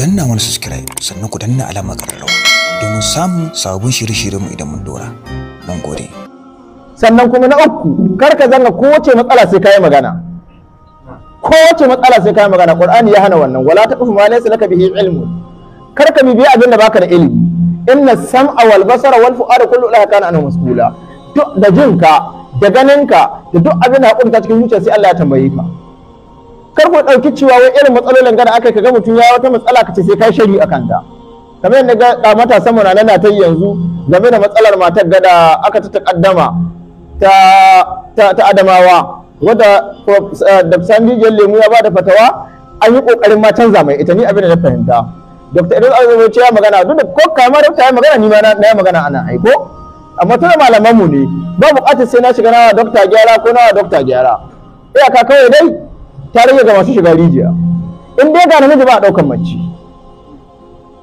danna wani subscribe sannan ku danna alamar ƙararrawa domin samun sabon shirye-shiryen mu idan mun dora mun gode sannan kuma na uku kar ka zanga kowace matsala sai kai magana kowace matsala sai kai magana qur'ani ya hana wannan wala ta ma laysa laka bihi ilmu kar ka bibiya abinda baka da ilimi inna sam'a wal basara wal fu'ada kullu ulaka kana anhu mas'ula da jinka da ganinka da duk abin da hakunta cikin zuciya sai Allah ya tambaye ka kar ku ɗauki cewa wai irin matsalolin gada aka kaga mutum ya wata matsala kace sai kai shari a ta kamar yadda ga mata sama na ta yanzu game da matsalar matar gada aka ta takaddama ta ta adamawa wadda uh, da sandijiyar lemu ya ba da fatawa an yi kokarin ma canza mai ita ni abin da na fahimta dr idris Azumi ce ya magana duk da ko kama dokta ya magana ni ma na ya magana ana aiko amma tuna malaman mu ne ba bukatar sai na shiga nawa Dr. gyara ko nawa Dr. gyara iyaka kawai dai ta rage ga masu shiga rijiya in dai ga namiji ba a ɗaukan mace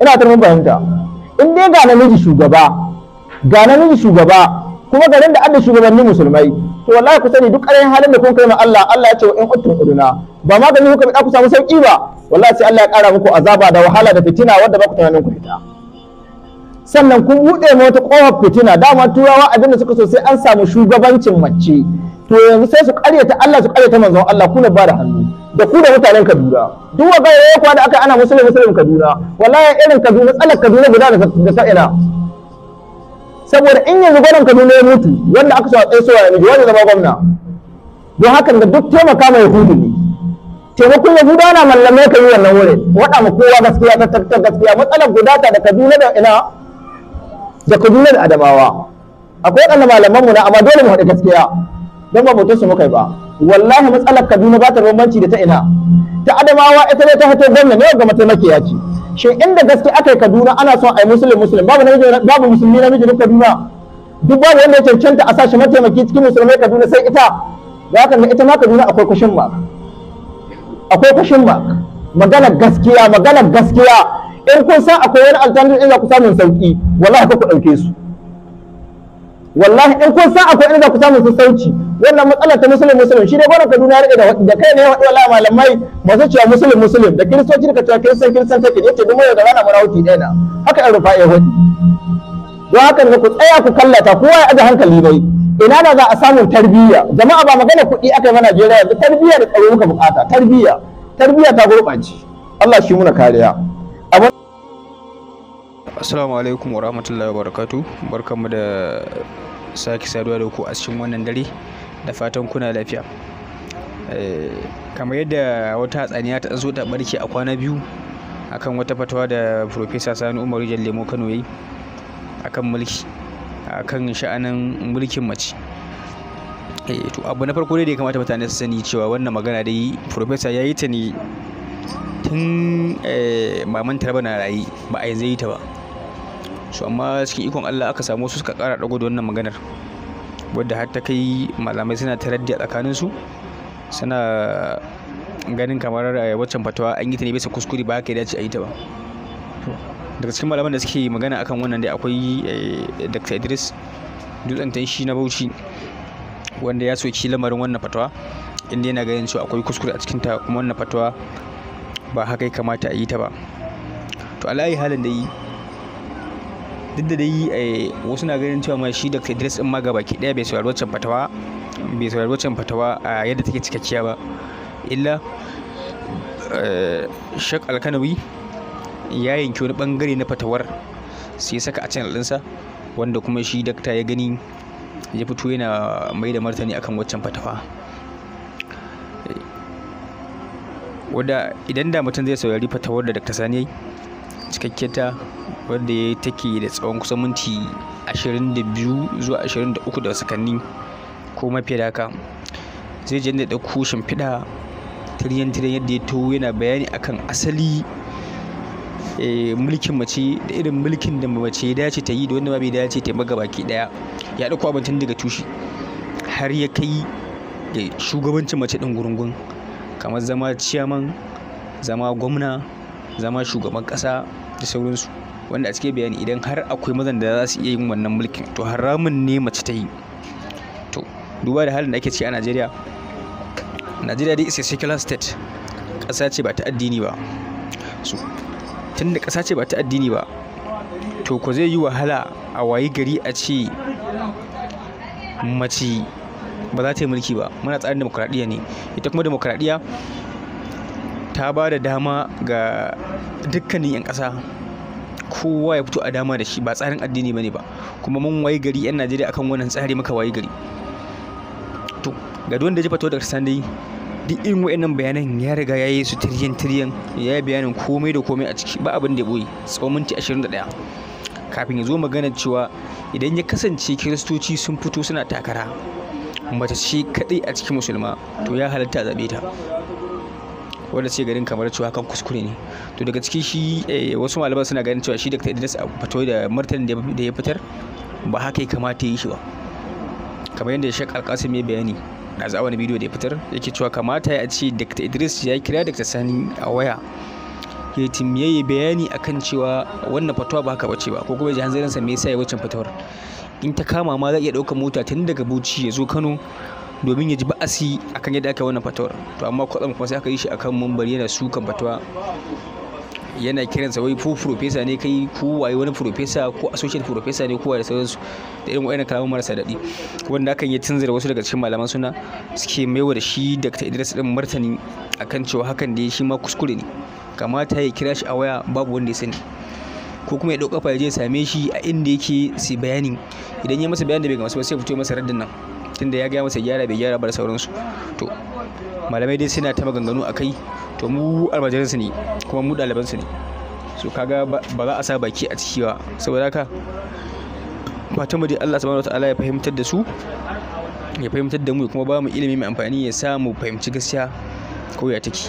ina ta mun fahimta in dai ga namiji shugaba ga namiji shugaba kuma garin da adda shugabanni musulmai to wallahi ku sani duk ƙarin halin da kun kai ma Allah Allah ya ce wa in uttum uduna ba ma gani kuka bi ku samu sauki ba wallahi sai Allah ya ƙara muku azaba da wahala da fitina wanda ba ku tunanin ku fita sannan kun buɗe mata wata fitina dama turawa abinda da suka so sai an samu shugabancin mace to yanzu sai su karyata Allah su karyata manzon Allah kuna ba da hannu da ku da mutanen Kaduna duk wa gaya kuwa da aka ana musulmi musulmi Kaduna wallahi irin Kaduna tsalar Kaduna guda da ta sa'ina saboda in yanzu gwamnan Kaduna ya mutu wanda aka sa tsaye so ya miji wanda zama gwamna don hakan da duk taimaka mai Yahudu ne taimakon Yahuda na mallame ka yi wannan wurin waɗa ma kowa gaskiya ta tattar gaskiya matsalar gudata da Kaduna da ina da Kaduna da Adamawa akwai waɗanda malamanmu na amma dole mu haɗu gaskiya don ba mutum su muka yi ba wallahi matsalar kaduna ba ta bambanci da ta ina ta adamawa ita ne ta hato gwamna ne ga mataimaki ya ce shin inda gaske aka yi kaduna ana son a yi musulun musulun babu namiji babu musulmi namiji duk kaduna duk babu wanda ya cancanta a sashi mataimaki cikin musulmai kaduna sai ita Ba ka haka ita ma kaduna akwai kushin ba akwai kushin ba magana gaskiya magana gaskiya in kun san akwai wani alternative inda ku samun sauki wallahi ku ɗauke su wallahi in kun san akwai inda ku samun sassauci wannan matsalar ta musulun musulun shi dai ka kaduna rike da kai ne waɗo la malamai masu cewa musulun musulun da kiristoci daga cewa kiristan kiristan take yace duk mai da rana na wuti ɗaya na haka an rufa ya hudu don haka ne ku tsaya ku kallata kowa ya aje hankali bai ina da za a samu tarbiyya jama'a ba magana kuɗi aka yi mana jera yanzu tarbiyya da tsaro muka bukata tarbiyya tarbiyya ta gurɓace Allah shi muna kariya Assalamu alaikum wa rahmatullahi wa barakatu barkanmu da sake saduwa da ku a cikin wannan dare da fatan kuna lafiya eh, kamar yadda wata hatsaniya ta zo ta barke a kwana biyu akan wata fatawa da profesa sani umar lemo kano yi akan mulki akan sha'anin mulkin mace eh, to abu na farko dai da ya kamata mutane su sani cewa wannan magana dai profesa ya yi ta ne tun eh, maman taraba na rayu ba a yanzu yi ta ba su amma cikin ikon allah aka samu su suka kara da wannan maganar wadda har ta kai malamai suna ta raddi a su suna ganin kamar eh, waccan fatawa an yi ta ne bisa kuskure ba haka ya dace a yi ta ba daga cikin malaman da suke magana akan wannan dai akwai eh, dr idris dutsen tanshi na bauchi wanda ya soki lamarin wannan fatawa inda yana ganin cewa akwai kuskure a cikin ta kuma wannan fatawa ba haka ya kamata a yi ta ba to alayi halin da yi duk da dai eh, wasu na ganin cewa ma shi dr idris din ma gabaki daya bai saurari waccan fatawa bai saurari wancan fatawa a yadda take cikakkiya ba illa eh, shak alkanawi ya yanki wani bangare na fatawar sai saka a channel dinsa wanda kuma shi dakta ya gani ya fito yana mai da martani akan waccan fatawa eh, wadda idan da mutum zai saurari fatawar da dakta sani ta wadda ya take da tsawon kusan minti 22 zuwa 23 da sakanni ko mafi da haka zai je da ɗauko shimfiɗa tiryan yadda ya to yana bayani akan asali eh, mulkin mace da irin mulkin da mace ya dace ta yi da wanda ma bai dace ta yi baki daya ya ɗauko abincin daga tushe har ya kai da shugabancin mace ɗin gurungun kamar zama ciyaman zama gwamna zama shugaban ƙasa da sauransu wanda a cikin bayani idan har akwai mazan da za su iya yin wannan mulkin to haramun ne mace ta yi to duba da halin da ake ciki a Najeriya Najeriya dai is a secular state ƙasa ce ba ta addini ba so da ƙasa ce ba ta addini ba to ko zai yi wahala a wayi gari a ce mace ba za ta yi mulki ba muna tsarin demokradiyya ne ita kuma demokradiyya ta ba da dama ga dukkanin 'yan ƙasa kowa ya fito a dama da shi ba tsarin addini bane ba kuma mun waye gari 'yan najeriya akan wannan tsari muka waye gari to ga duwanda ji fito da dai duk irin wa'annan bayanan ya riga ya yi su tiryan tiryan ya yi bayanin komai da komai a ciki ba abin da ya boye tsawon minti 21 kafin ya zo magana cewa idan ya kasance kiristoci sun fito suna takara mace ce kadai a cikin musulma to ya halatta zaɓe ta wanda suke garin kamar cewa hakan kuskure ne to daga ciki shi eh, wasu malaman suna ganin cewa shi dr idris fatoyi da martanin da ya fitar ba haka ya kamata yi shi ba kamar yadda shek alkasim ya bayani na za wani bidiyo da ya fitar yake cewa kamata ya ce dr idris ya kira dr sani a waya ya yi bayani akan cewa wannan fatuwa ba haka bace ba ko kuma jihan zarinsa me yasa ya wucin fatuwar in ta kama ma za iya ɗaukar mota tun daga buci ya zo kano domin ya ji ba'asi akan yadda aka wannan fatawar to amma kwatsam kuma sai aka yi shi akan mumbar yana sukan fatawa yana kiransa wai ko profesa ne kai ko waye wani profesa ko associate profesa ne ko da sauransu da irin wayannan kalaman marasa daɗi wanda hakan ya tunzura wasu daga cikin malaman suna suke maiwa da shi Dr. Idris din martani akan cewa hakan da shi ma kuskure ne kamata ya kira shi a waya babu wanda ya sani ko kuma ya dauka kafa ya je same shi a inda yake su bayanin idan ya masa bayanin da bai gamsu ba sai ya fito masa raddin nan tunda ya gaya masa gyara bai gyara ba da sauransu to malamai dai suna ta maganganu a kai to mu almajiransu ne kuma mu ɗalibansu ne so kaga ba za a sa baki a ciki ba saboda haka fatan mu dai Allah subhanahu wataala ya fahimtar da su ya fahimtar da mu kuma ba mu ilimi mai amfani ya sa mu fahimci gaskiya ko ya take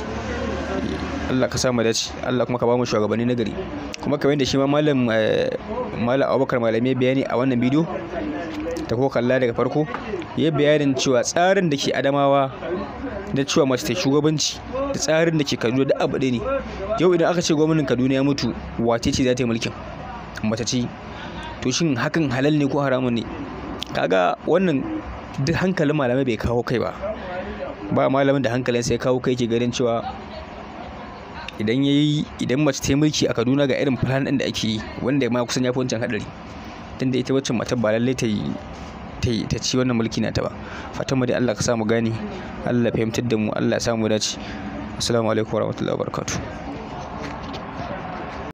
Allah ka sa mu dace Allah kuma ka ba mu shugabanni na gari kuma kamar yadda shi ma malam eh, malam Abubakar malami bayani a wannan bidiyo ta ko kalla daga farko ya bayanin cewa tsarin da ke adamawa da cewa mace ta shugabanci da tsarin da ke kaduna da abu ne yau idan aka ce gwamnan kaduna ya mutu wace ce za ta yi mulkin mace ce to shin hakan halal ne ko haramun ne kaga wannan duk hankalin malamai bai kawo kai ba ba malamin da hankalin sai kawo kai ke ganin cewa idan ya yi idan mace ta yi mulki a kaduna ga irin fulani da ake yi wanda ya ma kusan ya fi wancan haɗari tunda ita waccan matar ba lallai ta yi ta yi ta ci wannan mulki na ta ba fatan mu dai Allah ka sa mu gane Allah fahimtar da mu Allah ya sa mu dace assalamu alaikum warahmatullahi wabarakatuh